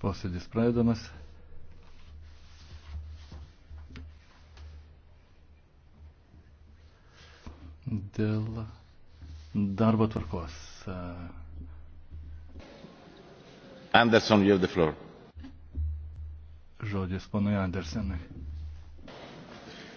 Posėdis pradedamas. Dėl darbo tvarkos. E, Anderson, you have the floor. Žodis ponui Andersenui.